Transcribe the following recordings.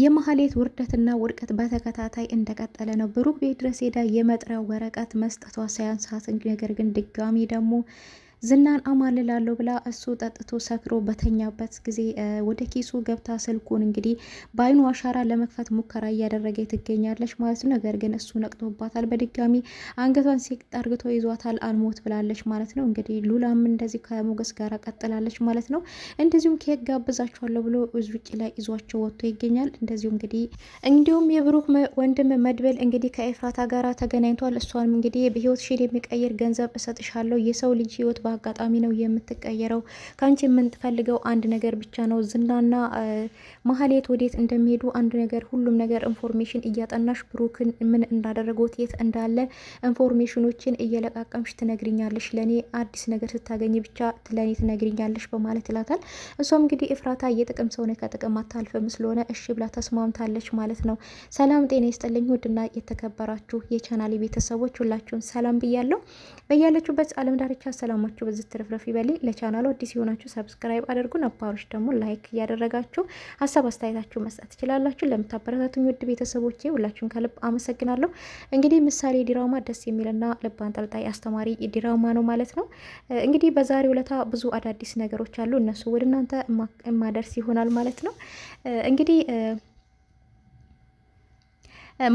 የመሀሌት ውርደትና ውድቀት በተከታታይ እንደቀጠለ ነው። ብሩክ ቤት ድረስ ሄዳ የመጥሪያ ወረቀት መስጠቷ ሳያንሳት ነገር ግን ድጋሚ ደግሞ ዝናን አማልላለሁ ብላ እሱ ጠጥቶ ሰክሮ በተኛበት ጊዜ ወደ ኪሱ ገብታ ስልኩን እንግዲህ በአይኑ አሻራ ለመክፈት ሙከራ እያደረገ ትገኛለች ማለት ነው። ነገር ግን እሱ ነቅቶባታል። በድጋሚ አንገቷን ሲቅጥ አርግቶ ይዟታል። አልሞት ብላለች ማለት ነው። እንግዲህ ሉላም እንደዚህ ከሞገስ ጋር ቀጥላለች ማለት ነው። እንደዚሁም ኬክ ጋብዛቸዋለሁ ብሎ ውጭ ላይ ይዟቸው ወጥቶ ይገኛል። እንደዚሁ እንግዲህ እንዲሁም የብሩክ ወንድም መድበል እንግዲህ ከኤፍራታ ጋራ ተገናኝቷል። እሷንም እንግዲህ በህይወት ሽል የሚቀይር ገንዘብ እሰጥሻለሁ የሰው ልጅ ህይወት በአጋጣሚ ነው የምትቀየረው። ከአንቺ የምንፈልገው አንድ ነገር ብቻ ነው። ዝናና መሀሌት ወዴት እንደሚሄዱ አንድ ነገር፣ ሁሉም ነገር ኢንፎርሜሽን እያጠናሽ ብሩክን ምን እንዳደረገው የት እንዳለ ኢንፎርሜሽኖችን እየለቃቀምሽ ትነግርኛለሽ። ለእኔ አዲስ ነገር ስታገኝ ብቻ ለእኔ ትነግርኛለሽ በማለት ይላታል። እሷም እንግዲህ እፍራታ የጥቅም ሰውነ ከጥቅም አታልፍም ስለሆነ እሺ ብላ ተስማምታለች ማለት ነው። ሰላም ጤና ይስጥልኝ ውድና የተከበራችሁ የቻናሌ ቤተሰቦች ሁላችሁም ሰላም ብያለሁ። በያለችሁበት አለም ዳርቻ ሰላማችሁ ሰላማችሁ በዚህ ትርፍረፍ ይበል። ለቻናሉ አዲስ የሆናችሁ ሰብስክራይብ አድርጉ፣ ነባሮች ደግሞ ላይክ እያደረጋችሁ ሀሳብ አስተያየታችሁ መስጠት ትችላላችሁ። ለምታበረታቱኝ ውድ ቤተሰቦቼ ሁላችሁን ከልብ አመሰግናለሁ። እንግዲህ ምሳሌ ዲራማ ደስ የሚልና ልብ አንጠልጣይ አስተማሪ ዲራማ ነው ማለት ነው። እንግዲህ በዛሬው ውለታ ብዙ አዳዲስ ነገሮች አሉ። እነሱ ወደ እናንተ የማደርስ ይሆናል ማለት ነው እንግዲህ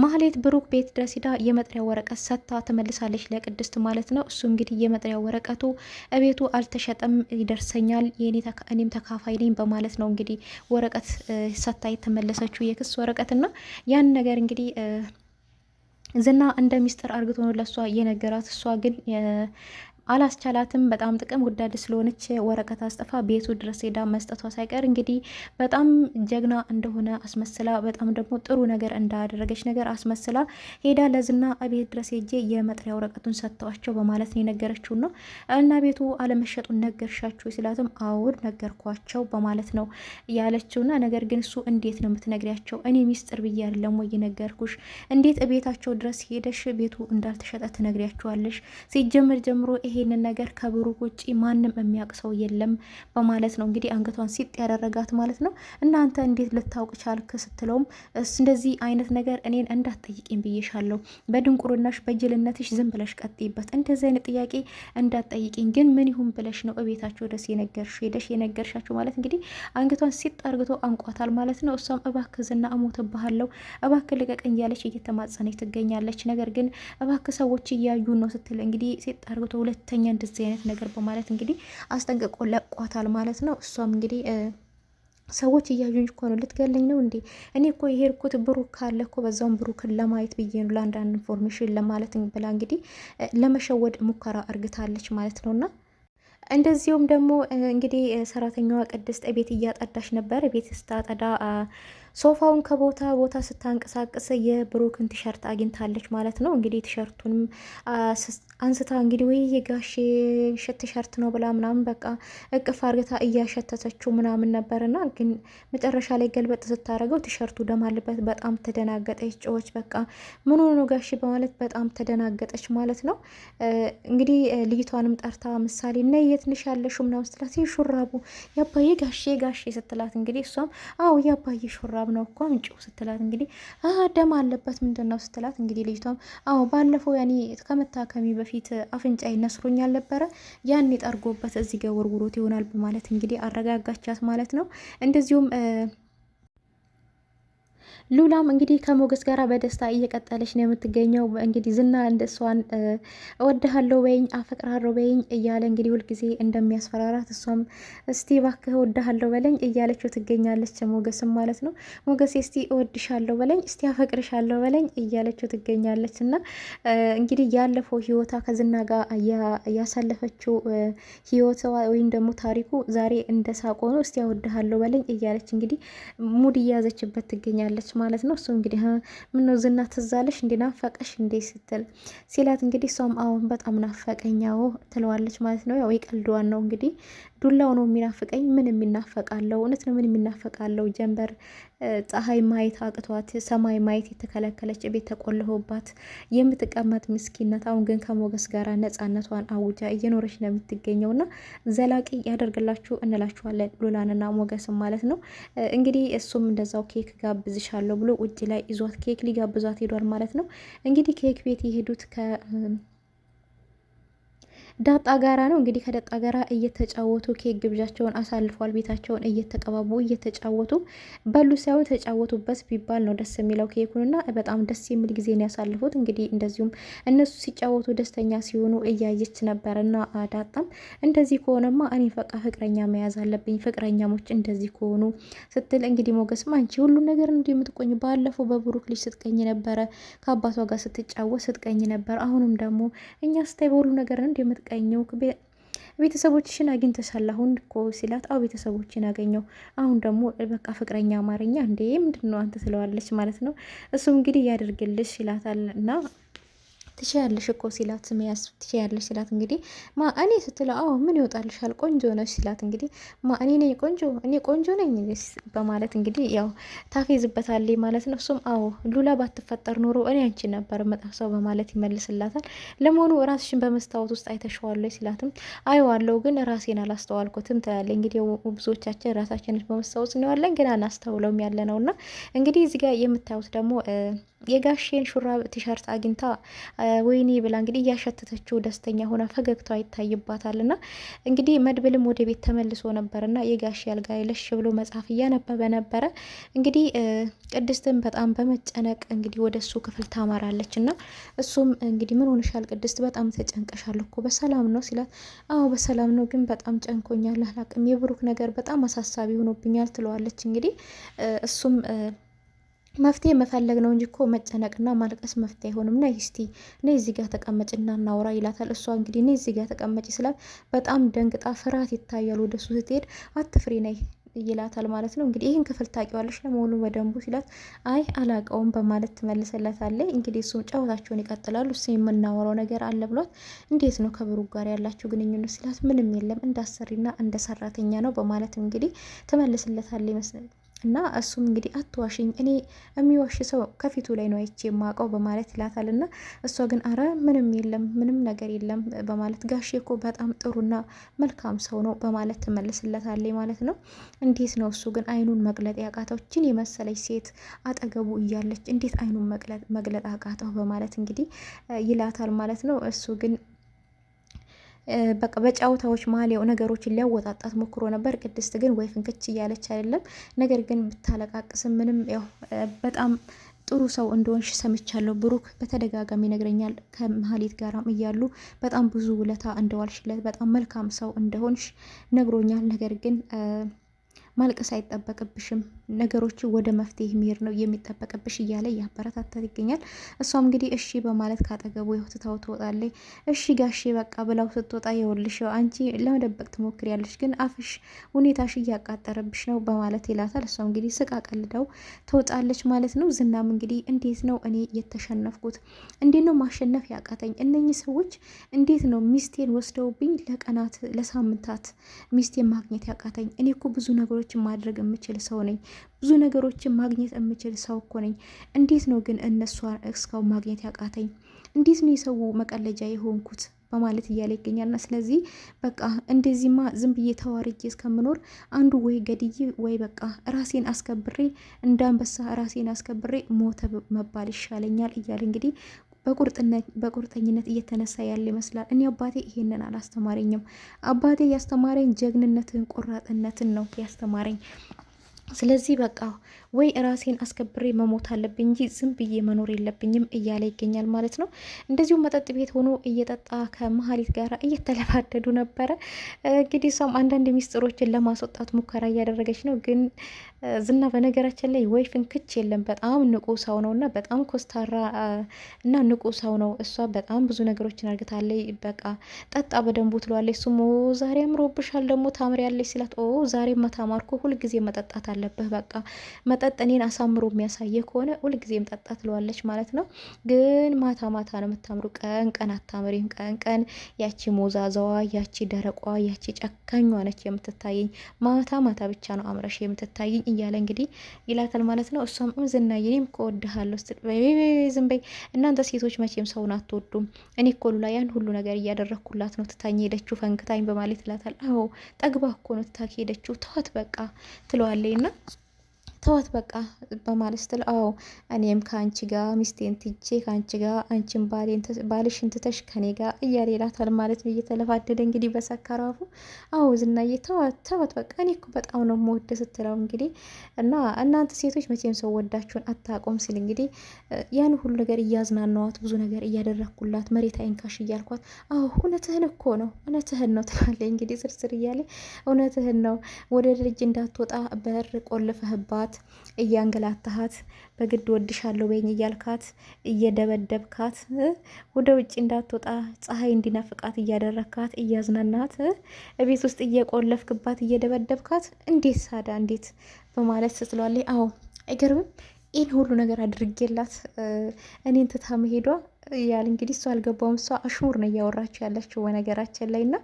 ማህሌት ብሩክ ቤት ድረስ ሂዳ የመጥሪያ ወረቀት ሰጥታ ትመልሳለች ለቅድስት ማለት ነው። እሱ እንግዲህ የመጥሪያ ወረቀቱ እቤቱ አልተሸጠም ይደርሰኛል፣ እኔም ተካፋይ ነኝ በማለት ነው እንግዲህ ወረቀት ሰጥታ የተመለሰችው የክስ ወረቀትና ያን ነገር እንግዲህ ዝና እንደ ሚስጥር አርግቶ ነው ለእሷ የነገራት። እሷ ግን አላስቻላትም። በጣም ጥቅም ጉዳድ ስለሆነች ወረቀት አስጠፋ ቤቱ ድረስ ሄዳ መስጠቷ ሳይቀር እንግዲህ በጣም ጀግና እንደሆነ አስመስላ በጣም ደግሞ ጥሩ ነገር እንዳደረገች ነገር አስመስላ ሄዳ ለዝና ቤት ድረስ ሄጄ የመጥሪያ ወረቀቱን ሰጥተዋቸው በማለት ነው የነገረችውን ነው እና ቤቱ አለመሸጡን ነገርሻችሁ ስላትም አውድ ነገርኳቸው በማለት ነው ያለችውና ነገር ግን እሱ እንዴት ነው የምትነግሪያቸው? እኔ ሚስጥር ብዬ አይደለም ወይ የነገርኩሽ? እንዴት ቤታቸው ድረስ ሄደሽ ቤቱ እንዳልተሸጠ ትነግሪያችኋለሽ? ሲጀምር ጀምሮ ይሄ ይሄንን ነገር ከብሩክ ውጭ ማንም የሚያውቅ ሰው የለም በማለት ነው እንግዲህ አንገቷን ሲጥ ያደረጋት ማለት ነው። እናንተ እንዴት ልታውቅ ቻልክ ስትለውም እንደዚህ አይነት ነገር እኔን እንዳትጠይቂኝ ብዬሻለሁ። በድንቁርናሽ በጅልነትሽ ዝም ብለሽ ቀጥይበት። እንደዚህ አይነት ጥያቄ እንዳትጠይቂኝ ግን ምን ይሁን ብለሽ ነው እቤታቸው ደስ የነገርሽ ሄደሽ የነገርሻቸው ማለት እንግዲህ አንገቷን ሲጥ አርግቶ አንቋታል ማለት ነው። እሷም እባክህ ዝና እሞትብሃለሁ፣ እባክህ ልቀቀኝ እያለች እየተማጸነች ትገኛለች። ነገር ግን እባክህ ሰዎች እያዩ ነው ስትል እንግዲህ ሲጥ አርግቶ ሁለት ሁለተኛ እንደዚህ አይነት ነገር በማለት እንግዲህ አስጠንቅቆ ለቋታል ማለት ነው። እሷም እንግዲህ ሰዎች እያዩኝ እኮ ነው፣ ልትገለኝ ነው እንዴ? እኔ እኮ የሄድኩት ብሩክ ካለ እኮ በዛውም ብሩክን ለማየት ብዬ ነው፣ ለአንዳንድ ኢንፎርሜሽን ለማለት ብላ እንግዲህ ለመሸወድ ሙከራ እርግታለች ማለት ነውና እንደዚሁም ደግሞ እንግዲህ ሰራተኛዋ ቅድስት ቤት እያጠዳች ነበር። ቤት ስታጠዳ ሶፋውን ከቦታ ቦታ ስታንቀሳቅስ የብሩክን ቲሸርት አግኝታለች ማለት ነው። እንግዲህ ቲሸርቱንም አንስታ እንግዲህ ወይ የጋሽ ቲሸርት ነው ብላ ምናምን በቃ እቅፍ አርግታ እያሸተተችው ምናምን ነበር ነበርና ግን መጨረሻ ላይ ገልበጥ ስታደረገው ቲሸርቱ ደም አለበት። በጣም ተደናገጠች። ጨዎች በቃ ምን ሆኖ ጋሼ በማለት በጣም ተደናገጠች ማለት ነው። እንግዲህ ልጅቷንም ጠርታ ምሳሌ እና የትንሽ ያለሹ ምናምን ስትላት ሹራቡ የአባዬ ጋሼ ጋሼ ስትላት እንግዲህ እሷም አዎ የአባዬ ሹራ ሹራብ ነው እኮ ምንጭው ስትላት እንግዲህ ደም አለበት ምንድን ነው ስትላት እንግዲህ ልጅቷም አዎ ባለፈው ያኔ ከመታከሚ በፊት አፍንጫ ነስሮኝ አልነበረ ያኔ ጠርጎበት እዚህ ጋ ወርውሮት ይሆናል በማለት እንግዲህ አረጋጋቻት ማለት ነው እንደዚሁም ሉላም እንግዲህ ከሞገስ ጋር በደስታ እየቀጠለች ነው የምትገኘው። እንግዲህ ዝና እንደ እሷን እወድሃለሁ በይኝ አፈቅርሃለሁ በይኝ እያለ እንግዲህ ሁልጊዜ እንደሚያስፈራራት እሷም እስቲ እባክህ እወድሃለሁ በለኝ እያለችው ትገኛለች። ሞገስም ማለት ነው ሞገስ እስቲ እወድሻለሁ በለኝ እስቲ አፈቅርሻለሁ በለኝ እያለችው ትገኛለች። እና እንግዲህ ያለፈው ህይወቷ ከዝና ጋር ያሳለፈችው ህይወቷ ወይም ደግሞ ታሪኩ ዛሬ እንደሳቆ ነው። እስቲ እወድሃለሁ በለኝ እያለች እንግዲህ ሙድ እያያዘችበት ትገኛለች ማለት ነው። እሱ እንግዲህ ምነው ዝና ትዛለሽ አለሽ እንዴ ናፈቀሽ እንዴ ስትል ሲላት እንግዲህ እሷም አሁን በጣም ናፈቀኛው ትለዋለች ማለት ነው። ያው የቀልዷን ነው እንግዲህ ዱላው ነው የሚናፍቀኝ ምን የሚናፈቃለው እውነት ነው ምን የሚናፈቃለው ጀንበር ፀሐይ ማየት አቅቷት ሰማይ ማየት የተከለከለች ቤት ተቆልሆባት የምትቀመጥ ምስኪነት፣ አሁን ግን ከሞገስ ጋር ነፃነቷን አውጃ እየኖረች ነው የምትገኘው። እና ዘላቂ ያደርግላችሁ እንላችኋለን ሉላንና ሞገስም ማለት ነው። እንግዲህ እሱም እንደዛው ኬክ ጋብዝሻለሁ ብሎ ውጭ ላይ ይዟት ኬክ ሊጋብዟት ሄዷል ማለት ነው። እንግዲህ ኬክ ቤት የሄዱት ከ ዳጣ ጋራ ነው እንግዲህ ከዳጣ ጋራ እየተጫወቱ ኬክ ግብዣቸውን አሳልፏል። ቤታቸውን እየተቀባቡ እየተጫወቱ በሉ ሳይሆን ተጫወቱበት ቢባል ነው ደስ የሚለው ኬኩንና በጣም ደስ የሚል ጊዜ ነው ያሳልፉት። እንግዲህ እንደዚሁም እነሱ ሲጫወቱ ደስተኛ ሲሆኑ እያየች ነበርና ዳጣም እንደዚህ ከሆነማ እኔ በቃ ፍቅረኛ መያዝ አለብኝ ፍቅረኛሞች እንደዚህ ከሆኑ ስትል እንግዲህ ሞገስም አንቺ ሁሉ ነገር እንዲ የምትቆኝ ባለፈው በብሩክ ልጅ ስትቀኝ ነበረ፣ ከአባቷ ጋር ስትጫወት ስትቀኝ ነበር። አሁንም ደግሞ እኛ ስታይ በሁሉ ነገር እንዲ የምትቀ አገኘው ቤተሰቦችሽን አግኝተሻል አሁን እኮ ሲላት፣ አው ቤተሰቦችን አገኘው አሁን ደግሞ በቃ ፍቅረኛ አማርኛ እንዴ ምንድን ነው አንተ ትለዋለች ማለት ነው። እሱም እንግዲህ እያደርግልሽ ይላታል እና ትችያለሽ እኮ ሲላት ስሜያስ ትችያለሽ ሲላት እንግዲህ ማ እኔ ስትለው አዎ ምን ይወጣልሻል ቆንጆ ነሽ ሲላት እንግዲህ ማ እኔ ነኝ ቆንጆ እኔ ቆንጆ ነኝ በማለት እንግዲህ ያው ታፌዝበታለች ማለት ነው። እሱም አዎ ሉላ ባትፈጠር ኖሮ እኔ አንቺ ነበር መጣሰው በማለት ይመልስላታል። ለመሆኑ ራስሽን በመስታወት ውስጥ አይተሸዋለች ሲላትም አየዋለሁ ግን ራሴን አላስተዋልኩትም ትላለች። እንግዲህ ብዙዎቻችን ራሳችንን በመስታወት እንዋለን ግን አናስተውለውም ያለ ነው እና እንግዲህ እዚህ ጋር የምታዩት ደግሞ የጋሼን ሹራብ ቲሸርት አግኝታ ወይኔ ብላ እንግዲህ እያሸተተችው ደስተኛ ሆና ፈገግታዋ ይታይባታል። ና እንግዲህ መድብልም ወደ ቤት ተመልሶ ነበር ና የጋሼ አልጋ ለሽ ብሎ መጽሐፍ እያነበበ ነበረ። እንግዲህ ቅድስትን በጣም በመጨነቅ እንግዲህ ወደ እሱ ክፍል ታማራለች። ና እሱም እንግዲህ ምን ሆንሻል ቅድስት፣ በጣም ተጨንቀሻል እኮ በሰላም ነው ሲላት፣ አዎ በሰላም ነው፣ ግን በጣም ጨንቆኛል፣ አላቅም፣ የብሩክ ነገር በጣም አሳሳቢ ሆኖብኛል ትለዋለች። እንግዲህ እሱም መፍትሄ መፈለግ ነው እንጂ እኮ መጨነቅና ማልቀስ መፍትሄ አይሆንም። ነይ እስቲ ነይ እዚህ ጋር ተቀመጭና እናውራ ይላታል። እሷ እንግዲህ ነይ እዚህ ጋር ተቀመጭ ስላት በጣም ደንግጣ ፍርሃት ይታያል። ወደ ወደሱ ስትሄድ አትፍሪ ነይ ይላታል ማለት ነው። እንግዲህ ይህን ክፍል ታውቂዋለሽ ለመሆኑ በደንቡ ሲላት አይ አላውቀውም በማለት ትመልስለታለች። እንግዲህ እሱም ጨዋታቸውን ይቀጥላሉ። እሱ የምናወራው ነገር አለ ብሏት እንዴት ነው ከብሩ ጋር ያላቸው ግንኙነት ሲላት ምንም የለም እንዳሰሪና እንደ ሰራተኛ ነው በማለት እንግዲህ ትመልስለታለች ይመስላል እና እሱም እንግዲህ አትዋሽኝ፣ እኔ የሚዋሽ ሰው ከፊቱ ላይ ነው አይቼ የማውቀው በማለት ይላታል። እና እሷ ግን አረ ምንም የለም ምንም ነገር የለም በማለት ጋሼ እኮ በጣም ጥሩና መልካም ሰው ነው በማለት ትመልስለታለች ማለት ነው። እንዴት ነው እሱ ግን አይኑን መግለጥ ያቃተው? ይችን የመሰለች ሴት አጠገቡ እያለች እንዴት አይኑን መግለጥ አቃተው? በማለት እንግዲህ ይላታል ማለት ነው። እሱ ግን በቃ በጨዋታዎች መሀል ያው ነገሮችን ሊያወጣጣት ሞክሮ ነበር። ቅድስት ግን ወይ ፍንክች እያለች አይደለም። ነገር ግን ብታለቃቅስም ምንም ያው በጣም ጥሩ ሰው እንደሆንሽ ሰምቻለሁ ብሩክ በተደጋጋሚ ነግረኛል ከመሀሌት ጋራም እያሉ በጣም ብዙ ውለታ እንደዋልሽለት በጣም መልካም ሰው እንደሆንሽ ነግሮኛል። ነገር ግን ማልቀስ አይጠበቅብሽም ነገሮች ወደ መፍትሄ መሄድ ነው የሚጠበቅብሽ እያለ እያበረታታት ይገኛል። እሷም እንግዲህ እሺ በማለት ካጠገቡ ትታው ትወጣለች። እሺ ጋሺ በቃ ብላው ስትወጣ የወልሽው አንቺ ለመደበቅ ያለሽ ግን አፍሽ ሁኔታሽ እያቃጠረብሽ ነው በማለት ይላታል። እሷም እንግዲህ ስቃ ቀልደው ትወጣለች ማለት ነው። ዝናም እንግዲህ እንዴት ነው እኔ የተሸነፍኩት? እንዴት ነው ማሸነፍ ያቃተኝ? እነኚህ ሰዎች እንዴት ነው ሚስቴን ወስደውብኝ ለቀናት ለሳምንታት ሚስቴን ማግኘት ያቃተኝ? እኔ እኮ ብዙ ነገሮች ማድረግ የምችል ሰው ነኝ። ብዙ ነገሮችን ማግኘት የምችል ሰው እኮ ነኝ። እንዴት ነው ግን እነሷ እስካሁን ማግኘት ያቃተኝ? እንዴት ነው የሰው መቀለጃ የሆንኩት? በማለት እያለ ይገኛልና ስለዚህ በቃ እንደዚህማ ዝም ብዬ ተዋርጌ እስከምኖር አንዱ ወይ ገድዬ ወይ በቃ ራሴን አስከብሬ እንደ አንበሳ ራሴን አስከብሬ ሞተ መባል ይሻለኛል እያለ እንግዲህ በቁርጠኝነት እየተነሳ ያለ ይመስላል። እኔ አባቴ ይሄንን አላስተማረኝም። አባቴ ያስተማረኝ ጀግንነትን፣ ቆራጥነትን ነው ያስተማረኝ። ስለዚህ በቃ ወይ ራሴን አስከብሬ መሞት አለብኝ እንጂ ዝም ብዬ መኖር የለብኝም እያለ ይገኛል ማለት ነው። እንደዚሁም መጠጥ ቤት ሆኖ እየጠጣ ከመሀሊት ጋር እየተለባደዱ ነበረ። እንግዲህ እሷም አንዳንድ ሚስጥሮችን ለማስወጣት ሙከራ እያደረገች ነው። ግን ዝና በነገራችን ላይ ወይ ፍንክች የለም በጣም ንቁ ሰው ነው እና በጣም ኮስታራ እና ንቁ ሰው ነው። እሷ በጣም ብዙ ነገሮችን አርግታለች። በቃ ጠጣ በደንቡ ትሏለች። እሱም ዛሬ አምሮብሻል ደግሞ ታምሪያለች ሲላት ዛሬ መታማርኩ ሁልጊዜ መጠጣት አለብህ በቃ መጠጥ እኔን አሳምሮ የሚያሳየ ከሆነ ሁልጊዜም ጠጣ ትለዋለች ማለት ነው። ግን ማታ ማታ ነው የምታምሩ፣ ቀን ቀን አታምሪም። ቀን ቀን ያቺ ሞዛዛዋ፣ ያቺ ደረቋ፣ ያቺ ጨካኟ ነች የምትታየኝ። ማታ ማታ ብቻ ነው አምረሽ የምትታየኝ እያለ እንግዲህ ይላታል ማለት ነው። እሷም ዝናዬ እኔም እኮ እወድሃለሁ ስትል ዝም በይ እናንተ ሴቶች መቼም ሰውን አትወዱም። እኔ እኮ ሉላ ያን ሁሉ ነገር እያደረግኩላት ነው ትታኝ ሄደችው ፈንክታኝ በማለት ይላታል። አዎ ጠግባ እኮ ነው ትታክ ሄደችው፣ ተዋት በቃ ትለዋለይ ና ተወት በቃ በማለት ስትል አዎ እኔም ከአንቺ ጋ ሚስቴን ትቼ ከአንቺ ጋ አንቺን ባልሽን ትተሽ ከኔ ጋ እያለ ይላታል ማለት ነው። እየተለፋደደ እንግዲህ በሰከራፉ አዎ ዝናዬ ተወት ተወት በቃ እኔ እኮ በጣም ነው መወደ ስትለው እንግዲህ እና እናንተ ሴቶች መቼም ሰው ወዳችሁን አታቆም ሲል እንግዲህ ያን ሁሉ ነገር እያዝናናዋት ብዙ ነገር እያደረግኩላት መሬት አይንካሽ እያልኳት አዎ እውነትህን እኮ ነው እውነትህን ነው ትላለች እንግዲህ ስርስር እያለ እውነትህን ነው ወደ ድርጅ እንዳትወጣ በር ቆልፈህባት እያስፈራራት እያንገላታሃት በግድ ወድሻለሁ በይኝ እያልካት እየደበደብካት ወደ ውጭ እንዳትወጣ ፀሐይ እንዲናፍቃት እያደረግካት እያዝናናት እቤት ውስጥ እየቆለፍክባት እየደበደብካት እንዴት ሳዳ እንዴት በማለት ስትለዋለች። አዎ አይገርምም? ይህን ሁሉ ነገር አድርጌላት እኔን ትታ መሄዷ ያል እንግዲህ እሷ አልገባውም። እሷ አሽሙር ነው እያወራች ያለችው በነገራችን ላይ እና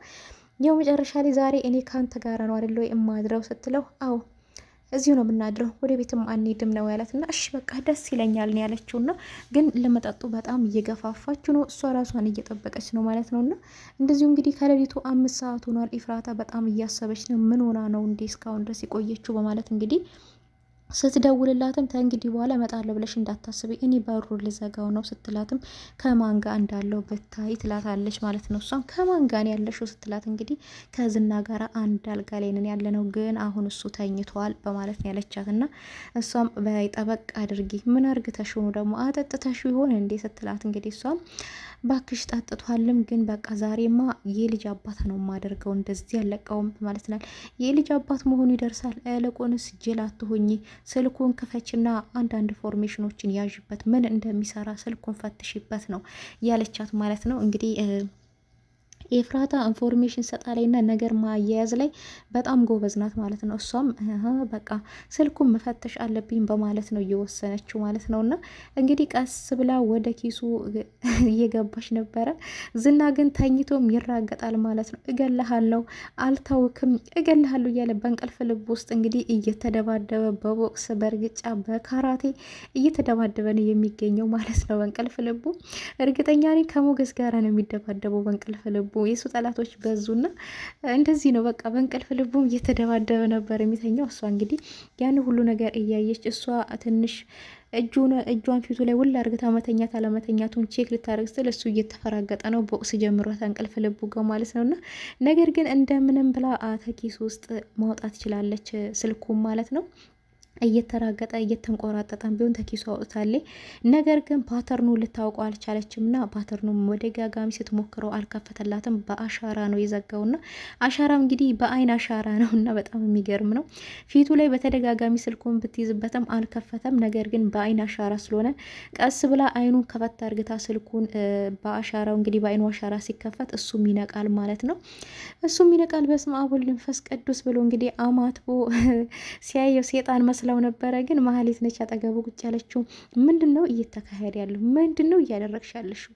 ያው መጨረሻ ላይ ዛሬ እኔ ካንተ ጋር ነው አደለ ወይ እማድረው ስትለው አዎ እዚሁ ነው የምናድረው፣ ወደ ቤትም አንሄድም ነው ያላት እና እሺ በቃ ደስ ይለኛል ነው ያለችው። እና ግን ለመጠጡ በጣም እየገፋፋችሁ ነው፣ እሷ ራሷን እየጠበቀች ነው ማለት ነው። እና እንደዚሁ እንግዲህ ከሌሊቱ አምስት ሰዓት ሆኗል። ኢፍራታ በጣም እያሰበች ነው፣ ምን ሆና ነው እንዴ እስካሁን ድረስ የቆየችው በማለት እንግዲህ ስትደውልላትም ተእንግዲህ በኋላ እመጣለሁ ብለሽ እንዳታስቢ እኔ በሩ ልዘጋው ነው ስትላትም ከማን ጋር እንዳለው ብታይ ትላታለች ማለት ነው። እሷም ከማን ጋር ያለሽው ስትላት እንግዲህ ከዝና ጋር አንድ አልጋ ላይ ነን ያለ ነው፣ ግን አሁን እሱ ተኝቷል በማለት ነው ያለቻት እና እሷም በጠበቅ አድርጊ ምን አርግ ተሽኑ ደግሞ አጠጥተሽ ይሆን እንዴ ስትላት እንግዲህ እሷም ባክሽ ጠጥቷልም፣ ግን በቃ ዛሬማ የልጅ አባት ነው የማደርገው፣ እንደዚህ ያለቀውም ማለት ናል። የልጅ አባት መሆኑ ይደርሳል። ለቆንስ ጅል አትሆኚ፣ ስልኩን ክፈችና አንዳንድ ፎርሜሽኖችን ያዥበት፣ ምን እንደሚሰራ ስልኩን ፈትሽበት ነው ያለቻት ማለት ነው እንግዲህ ኤፍራታ ኢንፎርሜሽን ሰጣ ላይና ነገር ማያያዝ ላይ በጣም ጎበዝ ናት ማለት ነው። እሷም በቃ ስልኩን መፈተሽ አለብኝ በማለት ነው እየወሰነችው ማለት ነው። እና እንግዲህ ቀስ ብላ ወደ ኪሱ እየገባች ነበረ። ዝና ግን ተኝቶም ይራገጣል ማለት ነው። እገልሃለሁ፣ አልታውክም፣ እገልሃለሁ እያለ በእንቅልፍ ልብ ውስጥ እንግዲህ እየተደባደበ በቦክስ በእርግጫ በካራቴ እየተደባደበ ነው የሚገኘው ማለት ነው። በእንቅልፍ ልቡ እርግጠኛ ከሞገስ ጋር ነው የሚደባደበው በእንቅልፍ ልቡ የእሱ ጠላቶች በዙና እንደዚህ ነው በቃ በእንቅልፍ ልቡም እየተደባደበ ነበር የሚተኛው። እሷ እንግዲህ ያን ሁሉ ነገር እያየች እሷ ትንሽ እጇን ፊቱ ላይ ውል አርግታ መተኛት አለመተኛቱን ቼክ ልታደርግ ስትል እሱ እየተፈራገጠ ነው ቦቅስ ጀምሯት እንቅልፍ ልቡ ጋ ማለት ነውና፣ ነገር ግን እንደምንም ብላ ተኪስ ውስጥ ማውጣት ትችላለች ስልኩም ማለት ነው። እየተራገጠ እየተንቆራጠጠን ቢሆን ተኪሶ አውጥታለች። ነገር ግን ፓተርኑ ልታውቀው አልቻለችም እና ፓተርኑ ወደጋጋሚ ስትሞክረው አልከፈተላትም። በአሻራ ነው የዘጋውና አሻራም እንግዲህ በአይን አሻራ ነው እና በጣም የሚገርም ነው። ፊቱ ላይ በተደጋጋሚ ስልኩን ብትይዝበትም አልከፈተም። ነገር ግን በአይን አሻራ ስለሆነ ቀስ ብላ አይኑን ከፈት አርግታ ስልኩን በአሻራው እንግዲህ በአይኑ አሻራ ሲከፈት እሱም ይነቃል ማለት ነው። እሱም ይነቃል። በስመ አብ ወልድ መንፈስ ቅዱስ ብሎ እንግዲህ አማትቦ ሲያየው ሴጣን መስለ መስለው ነበረ። ግን መሀሌት ነች አጠገቡ ቁጭ ያለችው። ምንድን ነው እየተካሄደ ያለሁ? ምንድን ነው እያደረግሽ ያለሽው?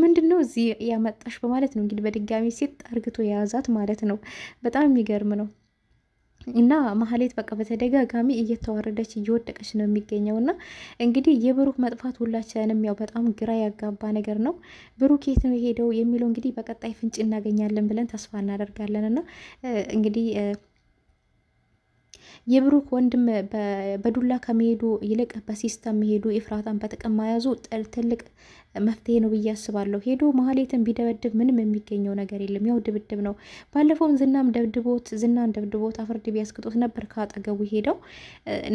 ምንድን ነው እዚህ ያመጣሽ? በማለት ነው እንግዲህ በድጋሚ ሴት አርግቶ የያዛት ማለት ነው። በጣም የሚገርም ነው። እና መሀሌት በቃ በተደጋጋሚ እየተዋረደች እየወደቀች ነው የሚገኘው። እና እንግዲህ የብሩክ መጥፋት ሁላችንም ያው በጣም ግራ ያጋባ ነገር ነው። ብሩክ የት ነው የሄደው የሚለው እንግዲህ በቀጣይ ፍንጭ እናገኛለን ብለን ተስፋ እናደርጋለን እና እንግዲህ የብሩክ ወንድም በዱላ ከመሄዱ ይልቅ በሲስተም መሄዱ ኢፍራታን በጥቅም መያዙ ትልቅ መፍትሄ ነው ብዬ አስባለሁ። ሄዶ መሀሌትን ቢደበድብ ምንም የሚገኘው ነገር የለም፣ ያው ድብድብ ነው። ባለፈውም ዝናም ደብድቦት ዝናን ደብድቦት አፍርድ ቢያስቅጦት ነበር ከአጠገቡ ሄደው።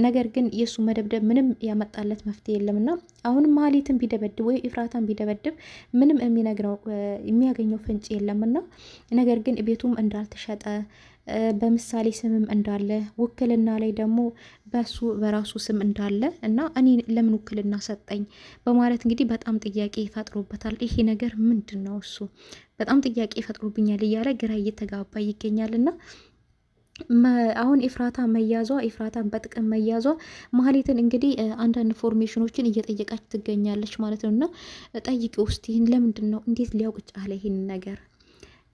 ነገር ግን የእሱ መደብደብ ምንም ያመጣለት መፍትሄ የለም እና አሁንም መሀሌትን ቢደበድብ ወይ ኢፍራታን ቢደበድብ ምንም የሚነግረው የሚያገኘው ፍንጭ የለም እና ነገር ግን ቤቱም እንዳልተሸጠ በምሳሌ ስምም እንዳለ ውክልና ላይ ደግሞ በሱ በራሱ ስም እንዳለ እና እኔ ለምን ውክልና ሰጠኝ በማለት እንግዲህ በጣም ጥያቄ ይፈጥሮበታል። ይሄ ነገር ምንድን ነው? እሱ በጣም ጥያቄ ይፈጥሮብኛል እያለ ግራ እየተጋባ ይገኛል እና አሁን ኤፍራታ መያዟ ኤፍራታን በጥቅም መያዟ ማህሌትን እንግዲህ አንዳንድ ኢንፎርሜሽኖችን እየጠየቃች ትገኛለች ማለት ነው እና ጠይቂ ውስጥ ይህን ለምንድን ነው እንዴት ሊያውቅ ቻለ ይህን ነገር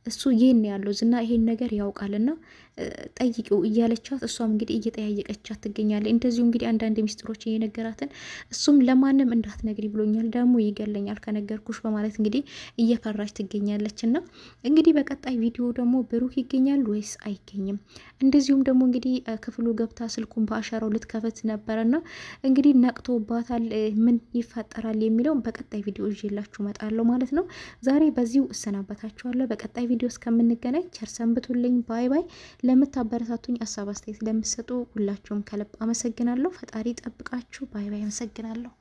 እሱ ይህን ያለው ዝና ይሄን ነገር ያውቃልና ጠይቂው እያለቻት እሷም እንግዲህ እየጠያየቀቻት ትገኛለች። እንደዚሁ እንግዲህ አንዳንድ ሚስጥሮች እየነገራትን እሱም ለማንም እንዳትነግሪ ብሎኛል፣ ደግሞ ይገለኛል ከነገርኩሽ በማለት እንግዲህ እየፈራች ትገኛለች። እና እንግዲህ በቀጣይ ቪዲዮ ደግሞ ብሩክ ይገኛል ወይስ አይገኝም? እንደዚሁም ደግሞ እንግዲህ ክፍሉ ገብታ ስልኩን በአሻራው ልትከፍት ነበረና እንግዲህ ነቅቶባታል። ምን ይፈጠራል የሚለውም በቀጣይ ቪዲዮ ይዤላችሁ እመጣለሁ ማለት ነው። ዛሬ በዚሁ እሰናበታችኋለሁ። በቀጣይ ቪዲዮ እስከምንገናኝ ቸር ሰንብቱልኝ። ባይ ባይ። ለምታበረታቱኝ አሳብ አስተያየት ለምትሰጡ ሁላችሁም ከልብ አመሰግናለሁ። ፈጣሪ ጠብቃችሁ። ባይ ባይ። አመሰግናለሁ።